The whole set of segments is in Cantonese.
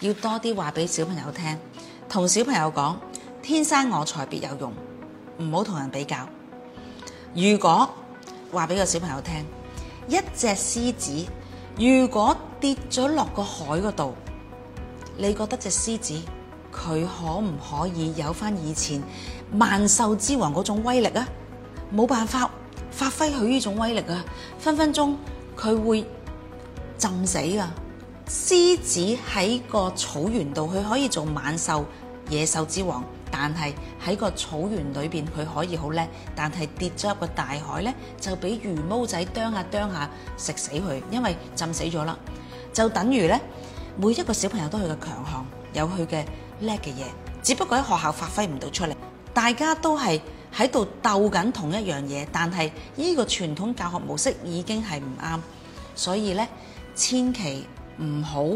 要多啲話俾小朋友聽，同小朋友講：天生我材必有用，唔好同人比較。如果話俾個小朋友聽，一隻獅子如果跌咗落個海嗰度，你覺得隻獅子佢可唔可以有翻以前萬獸之王嗰種威力啊？冇辦法發揮佢呢種威力啊，分分鐘佢會浸死㗎。獅子喺個草原度，佢可以做猛獸、野獸之王。但係喺個草原裏邊，佢可以好叻。但係跌咗入個大海呢，就俾魚毛仔啄下啄下，食死佢，因為浸死咗啦。就等於呢，每一個小朋友都有佢嘅強項，有佢嘅叻嘅嘢，只不過喺學校發揮唔到出嚟。大家都係喺度鬥緊同一樣嘢，但係呢個傳統教學模式已經係唔啱，所以呢，千祈。唔好。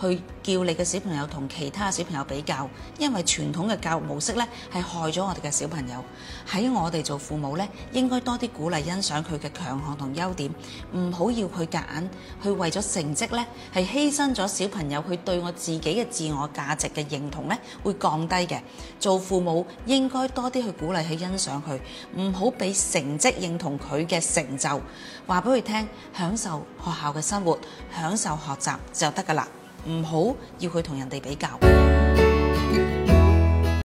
去叫你嘅小朋友同其他小朋友比較，因為傳統嘅教育模式咧，係害咗我哋嘅小朋友。喺我哋做父母咧，應該多啲鼓勵欣賞佢嘅強項同優點，唔好要佢夾硬去為咗成績咧，係犧牲咗小朋友佢對我自己嘅自我價值嘅認同咧，會降低嘅。做父母應該多啲去鼓勵去欣賞佢，唔好俾成績認同佢嘅成就，話俾佢聽，享受學校嘅生活，享受學習就得噶啦。唔好要去同人哋比較。嗯。